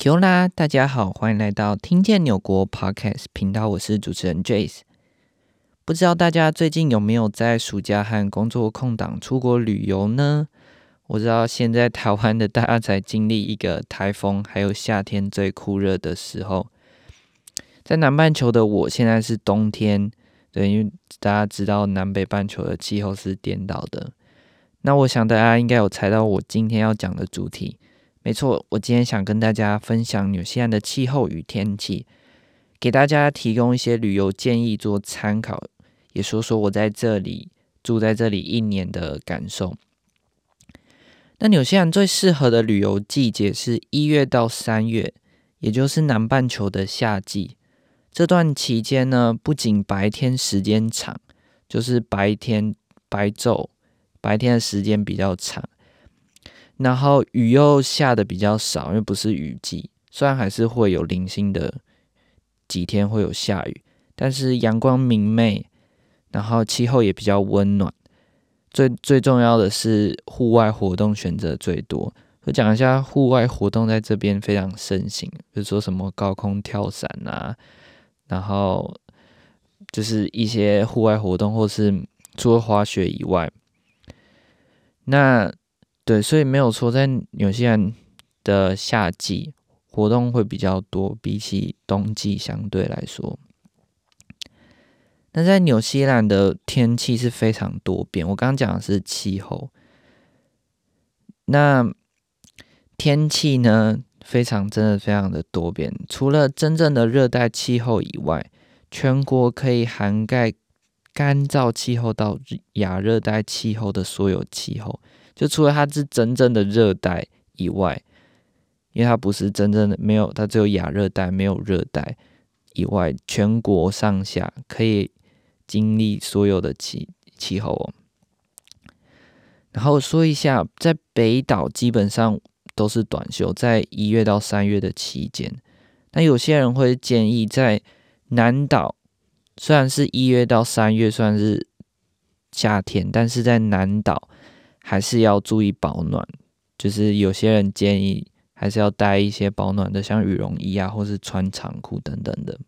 Kia ora，大家好，歡迎來到聽見紐國 Podcast 頻道，我是主持人 Jace。不知道大家最近有沒有在暑假和工作空檔出國旅遊呢？我知道現在台灣的大家在經歷一個颱風，還有夏天最酷熱的時候。在南半球的我現在是冬天，對，因為大家知道南北半球的氣候是顛倒的。那我想大家、啊、應該有猜到我今天要講的主題。沒錯，我今天想跟大家分享紐西蘭的氣候與天氣，給大家提供一些旅遊建議做參考，也說說我在這裡住在這裡一年的感受。那紐西蘭最適合的旅遊季節是一月到三月，也就是南半球的夏季。這段期間呢，不僅白天時間長，就是白天白晝，白天的時間比較長。然後雨又下的比較少，因為不是雨季，雖然還是會有零星的幾天會有下雨，但是陽光明媚，然後氣候也比較溫暖，最最重要的是戶外活動選擇最多。所以講一下戶外活動在這邊非常盛行，比如說什麼高空跳傘啊，然後就是一些戶外活動，或是除了滑雪以外，那。對，所以沒有錯，在紐西蘭的夏季活動會比較多，比起冬季相對來說。那在紐西蘭的天氣是非常多變。我剛剛講的是氣候，那天氣呢，非常真的非常的多變。除了真正的熱帶氣候以外，全國可以涵蓋乾燥氣候到亞熱帶氣候的所有氣候。就除了它是真正的熱帶以外，因為它不是真正的沒有，它只有亞熱帶沒有熱帶以外，全國上下可以經歷所有的氣氣候哦。然後說一下，在北島基本上都是短袖，在一月到三月的期間。那有些人會建議在南島，雖然是一月到三月算是夏天，但是在南島。還是要注意保暖，就是有些人建議還是要帶一些保暖的，像羽絨衣啊，或是穿長褲等等的。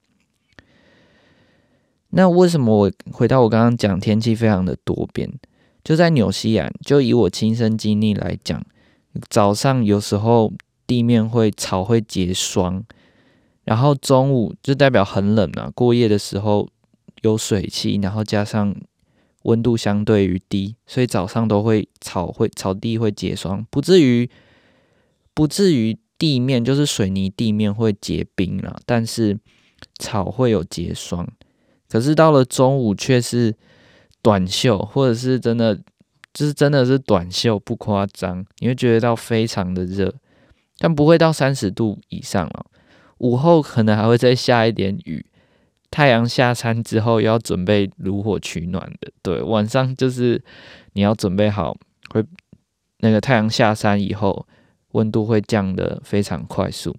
那為什麼我回到我剛剛講天氣非常的多變？就在紐西蘭，就以我親身經歷來講，早上有時候地面會草會結霜，然後中午就代表很冷啊。過夜的時候有水汽，然後加上。溫度相對於低，所以早上都會草會草地會結霜，不至於不至於地面就是水泥地面會結冰了，但是草會有結霜。可是到了中午卻是短袖，或者是真的就是真的是短袖，不誇張，你會覺得到非常的熱，但不會到三十度以上了喔。午後可能還會再下一點雨。太陽下山之後要準備爐火取暖的，對，晚上就是你要準備好，會那個太陽下山以後，溫度會降得非常快速。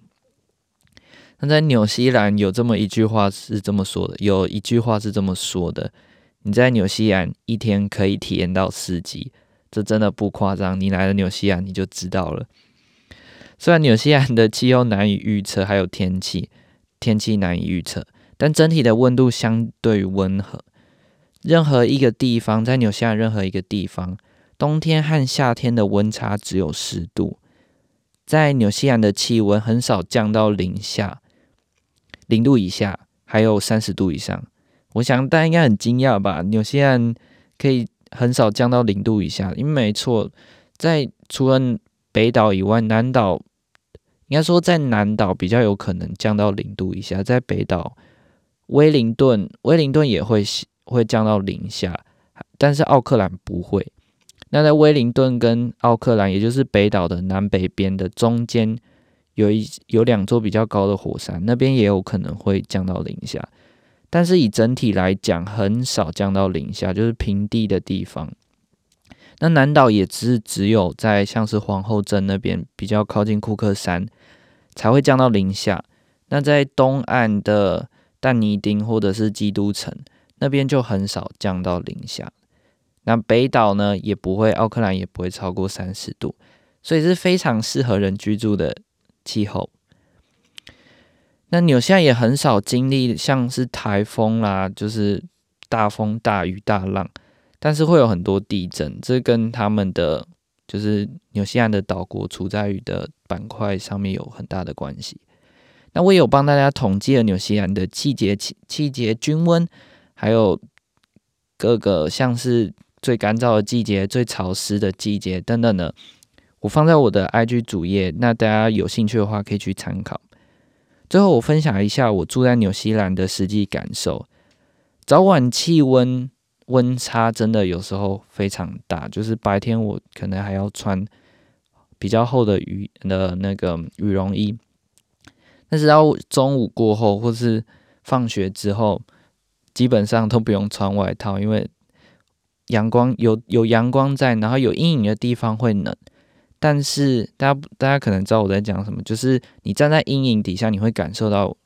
那在紐西蘭有這麼一句話是這麼說的，有一句話是這麼說的：你在紐西蘭一天可以體驗到四季，這真的不誇張。你來了紐西蘭你就知道了。雖然紐西蘭的氣候難以預測，還有天氣，天氣難以預測。但整體的溫度相對溫和。任何一個地方，在紐西蘭任何一個地方，冬天和夏天的溫差只有十度。在紐西蘭的氣溫很少降到零下零度以下，還有三十度以上。我想大家應該很驚訝吧？紐西蘭可以很少降到零度以下，因為沒錯，在除了北島以外，南島應該說在南島比較有可能降到零度以下，在北島。威靈頓，威靈頓也會會降到零下，但是奧克蘭不會。那在威靈頓跟奧克蘭，也就是北島的南北邊的中間，有一有兩座比較高的火山，那邊也有可能會降到零下。但是以整體來講，很少降到零下，就是平地的地方。那南島也只是只有在像是皇後鎮那邊比較靠近庫克山才會降到零下。那在東岸的。但尼丁或者是基督城那邊就很少降到零下，那北島呢也不會，奧克蘭也不會超過三十度，所以是非常適合人居住的氣候。那紐西蘭也很少經歷像是台風啦、啊，就是大風、大雨、大浪，但是會有很多地震，這跟他們的就是紐西蘭的島國處在於的板塊上面有很大的關係。那我也有幫大家統計了紐西蘭的季節氣季節均溫，還有各個像是最乾燥的季節、最潮濕的季節等等的。我放在我的 IG 主頁，那大家有興趣的話可以去參考。最後，我分享一下我住在紐西蘭的實際感受：早晚氣溫溫差真的有時候非常大，就是白天我可能還要穿比較厚的羽的那個羽絨衣。但是到中午過後，或是放學之後，基本上都不用穿外套，因為陽光有有陽光在，然後有陰影的地方會冷。但是大家大家可能知道我在講什麼，就是你站在陰影底下，你會感受到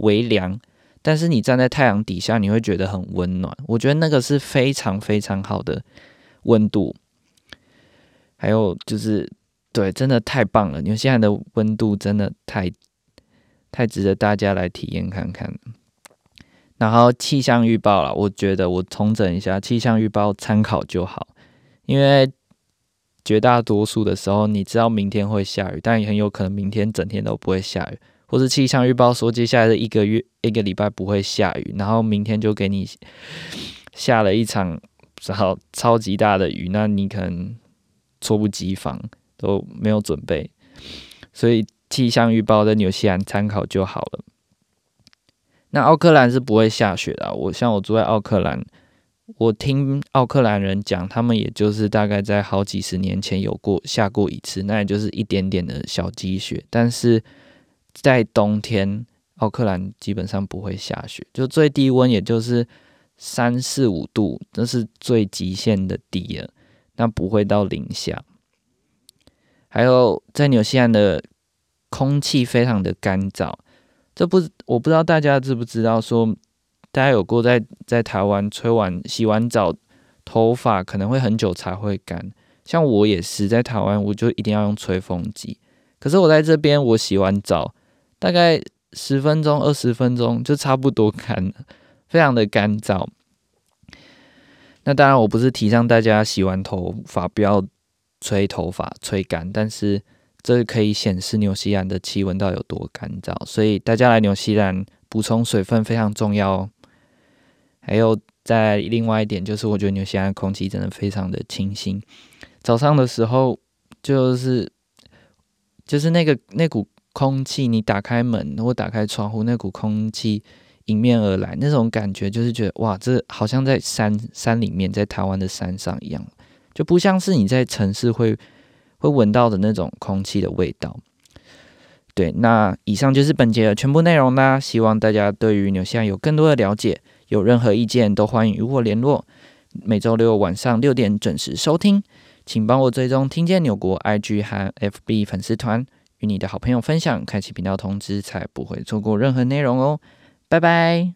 微涼；但是你站在太陽底下，你會覺得很溫暖。我覺得那個是非常非常好的溫度。還有就是，對，真的太棒了！因為現在的溫度真的太……太值得大家來體驗看看。然後氣象預報啦，我覺得我重整一下氣象預報參考就好，因為絕大多數的時候，你知道明天會下雨，但也很有可能明天整天都不會下雨，或是氣象預報說接下來的一個月、一個禮拜不會下雨，然後明天就給你下了一場超超級大的雨，那你可能猝不及防都沒有準備，所以。氣象預報的紐西蘭參考就好了。那奧克蘭是不會下雪的啊，我像我住在奧克蘭，我聽奧克蘭人講，他們也就是大概在好幾十年前有過下過一次，那也就是一點點的小積雪。但是在冬天，奧克蘭基本上不會下雪，就最低溫也就是三四五度，這是最極限的低了，那不會到零下。還有在紐西蘭的。空氣非常的乾燥，這不，我不知道大家知不知道，說大家有過在在台灣吹完洗完澡，頭髮可能會很久才會乾。像我也是在台灣，我就一定要用吹風機。可是我在這邊，我洗完澡大概十分鐘、二十分鐘就差不多乾了，非常的乾燥。那當然，我不是提倡大家洗完頭髮不要吹頭髮吹乾，但是。這可以顯示紐西蘭的氣溫到底有多乾燥，所以大家來紐西蘭補充水分非常重要哦。還有再另外一點，就是我覺得紐西蘭空氣真的非常的清新。早上的時候，就是就是那個那股空氣，你打開門或打開窗戶，那股空氣迎面而來，那種感覺就是覺得哇，這好像在山山裡面，在台灣的山上一樣，就不像是你在城市會。會聞到的那種空氣的味道。對，那以上就是本節的全部內容啦。希望大家對於紐西蘭有更多的了解，有任何意見都歡迎與我聯絡。每周六晚上六點準時收聽，請幫我追蹤聽見紐國 IG 和 FB 粉絲團，與你的好朋友分享，開啟頻道通知，才不會錯過任何內容哦。拜拜。